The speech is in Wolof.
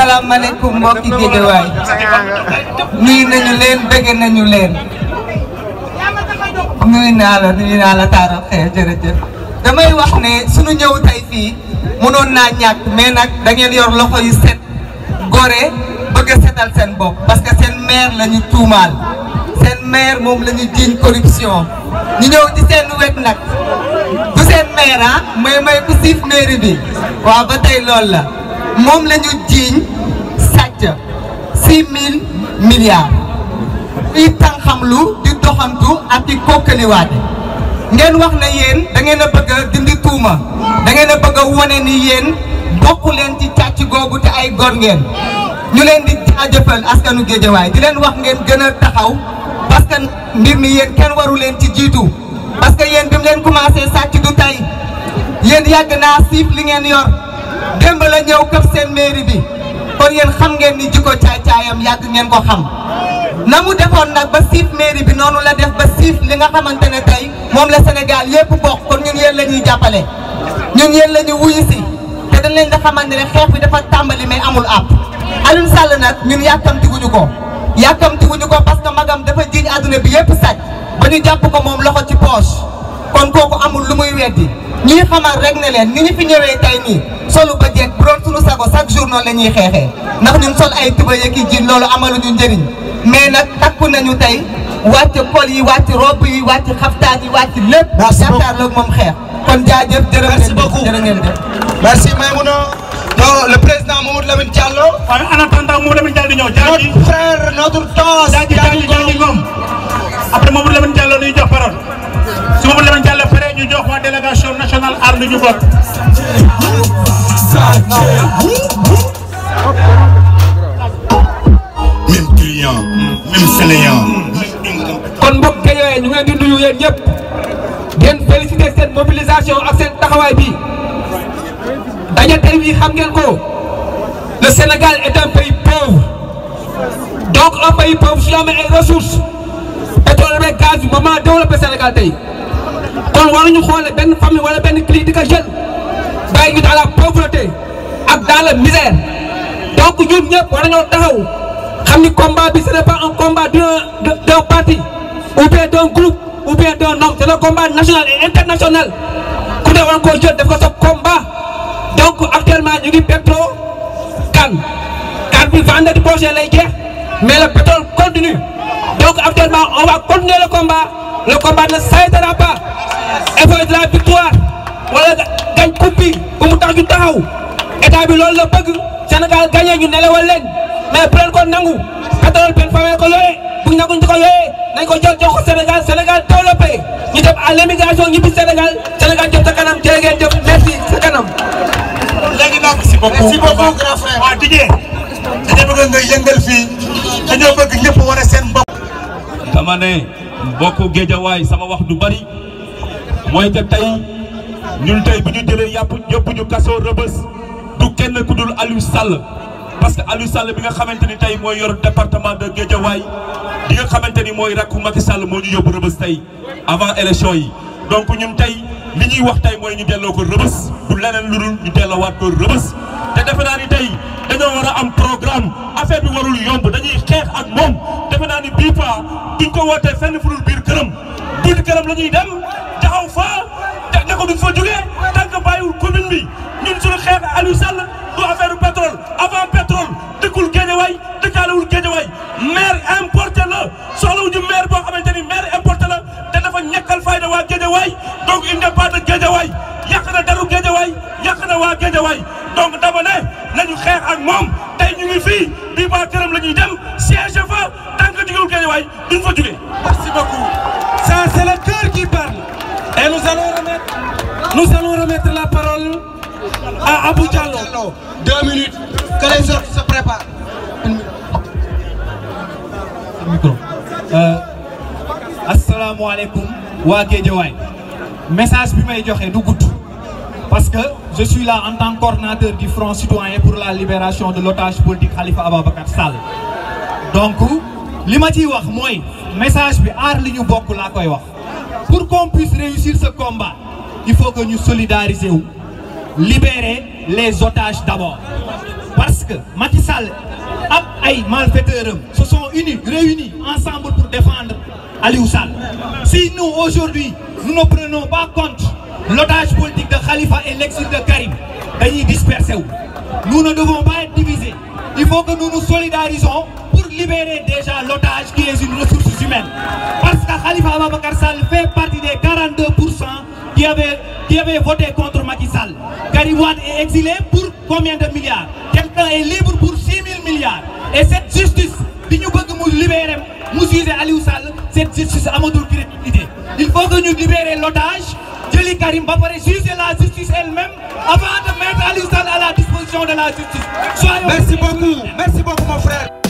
asalaamaaleykum mbokki Géejawaay nuyu nañu leen bëgg nañu leen nuyu naa la nuyu naa la taaral xëy jërëjëf damay wax ne suñu ñëw tey fii mënoon naa ñàkk mais nag da ngeen yor loxo yu set gore bëgg setal seen bopp parce que seen maire la ñu tuumaal seen maire moom la jiiñ corruption ñu ñëw ci seen wet nag du seen maire may ah, may ku siif mairie bi waa ba tey loolu la moom la ñu jiiñ sàcc six mille milliards fii lu di doxantu ak di kokkaliwaate ngeen wax na yeen da ngeen bëgg dindi tuuma da ngeen a bëgg a wane ni yéen bokk leen ci càcc googu te ay gor ngeen ñu leen di jaajëfal askanu géejawaay di leen wax ngeen gën a taxaw parce que mbir mi yéen kenn waru leen ci jiitu parce que yéen bi leen commencé sàcc du tey yéen yàgg naa siif li ngeen yor démb la ñëw këf seen mairie bi kon yéen xam ngeen ni jikko caay-caayam yàgg ngeen ko xam na mu defoon nag ba siif mairie bi noonu la def ba siif li nga xamante ne tey moom la senegal yépp bokk kon ñun yéen la ñuy jàppale ñun yéen la ñu wuyu si te dañ leen da xamante ne xeex bi dafa tàmbali mais amul àpp Aliou Sall nag ñun yàkkamtiwuñu ko yàkkamtiwuñu ko parce que magam dafa jiiñ àdduna bi yépp sàcc ba ñu jàpp ko moom loxo ci poche kon kooku amul lu muy weddi ñuy xamal rek ne leen ni ñu fi solu ba jeeg bu doon sunu sago chaque jour noonu la ñuy xeexee ndax ñun sol ay tuba yëkki ji loolu amaluñu njëriñ mais nag takku nañu tey wàcc kol yi wàcc robe yi wàcc xaftaan yi wàcc lépp. merci beaucoup jàkkaarloog moom xeex. kon jaajëf jërë ngeen merci beaucoup jërë ngeen def. merci Maimouna. le président Mamadou Lamine Diallo. waaye en attendant Mamadou Lamine Diallo di ñëw. jaajëf notre frère notre tos. jaajëf jaajëf jaajëf moom après Mamadou Lamine Diallo. ànd ñu bokk. même client même sénégalais. kon mbokk yooyu ñu ngi leen di nuyu yéen ñëpp. ngeen mobilisation ak seen bi. daje tey bii xam ngeen ko. le Sénégal est un pays pauvre. donc un pays pauvre su amee ay ressources. pétrole beeg gaz bi mën naa développé Sénégal tey. kon waruñu xoole benn famille wala benn clique di ko jeune bàyyi ñu dans la pauvreté ak dans la misère donc ñun ñëpp war nañoo taxaw xam ni combat bi ce n'est pas un combat d'un ou bien d'un groupe ou bien d'un homme c'est un combat national et international ku ne war koo jël def ko soog combat donc actuellement ñu ngi pétrole kan kan bi vendredi prochain lay jeex mais le pétrole continue donc actuellement on va continuer le le combat ne s'arrêtera pas effort de la victoire wala gañ kubbi bu mu tax ñu taxaw état loolu la bëgg Sénégal gagné ñu nelawal leen mais bu leen ko nangu pétrole benn famille ko looyee bu ñu ko looyee nañ ko jël jox ko Sénégal Sénégal développé ñu dem à l'émigration ñibbi Sénégal Sénégal jëm sa kanam jërë ngeen jëf merci sa kanam. léegi nag merci beaucoup merci beaucoup grand frère waaw Didier dañoo mbokk géejawaay sama wax du bari mooy que tey ñun tey bu ñu jëlee yàpp yëpp ñu kasoo rëbës du kenn ku dul Aliou Sall parce que Aliou Sall bi nga xamante ni tey mooy yor département de Guédiawaye di nga xamante ni mooy rakku Macky Sall moo ñu yóbbu rëbës tey avant élection yi donc ñun tey li ñuy wax tey mooy ñu delloo ko rëbës du leneen lu dul ñu delloowaat ko rëbës te defe naa ni tey dañoo war a am programme affaire bi warul yomb dañuy xeex ak moom defe naa ni bii ko wootee fenn fu dul biir këram biir këram la ñuy dem taxaw fa ne ko duñ fa jógee tant que bàyyiwul commune bi ñun suñu xeex Aliou Sall du affaire pétrole avant pétrole dëkkul Guédiawaye dëkkaalewul Guédiawaye maire importé la soxlawuñu maire boo xamante ni maire importé la te dafa ñàkkal fayda waa Guédiawaye donc il n'est pas de Guédiawaye yàq na daru Guédiawaye yàq na waa Guédiawaye donc dama ne nañu xeex ak moom tey ñu ngi fii bii ba këram la ñuy dem siège fa digalul Guédiawaye duñ fa jógee. merci beaucoup. ça c'est le cœur qui parle. et nous allons remettre nous allons remettre la parole à Abou Diallo. deux minutes. que les autres se préparent. une minute. micro. Euh, asalaamaaleykum waa Guédiawaye message bi may joxe du gudd parce que je suis là en tant que coordinateur du Front citoyen pour la libération de l'otage politique Khalifa Ababacar Sall donc li ma ciy wax mooy message bi aar li ñu bokk laa koy wax pour qu'on puisse réussir ce combat il faut que ñu solidariser wu libérer les otages d'abord parce que Macky Sall ab ay malfaiteurs am se sont unis réunis ensemble pour défendre Aliou Sall si nous aujourd'hui nous ne prenons pas compte l'otage politique de Khalifa et l'exil de Karim dañuy disperser wu nous ne devons pas être il faut que nous nous solidarisons libérer déjà l'otage qui est une ressource humaine. Parce que Khalifa Ababakar Sall fait partie des 42% qui avaient, qui avaient voté contre Macky Sall. Karim Wade est exilé pour combien de milliards Quelqu'un est libre pour 6 000 milliards. Et cette justice, nous voulons libérer Moussouze Aliou Sall, cette justice Amadou crédibilité. Il faut que nous libérions l'otage, Karim Bapare, juger la justice elle-même avant de mettre Aliou Sall à la disposition de la justice. Soyons merci